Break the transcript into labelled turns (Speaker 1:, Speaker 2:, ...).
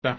Speaker 1: Αυτά.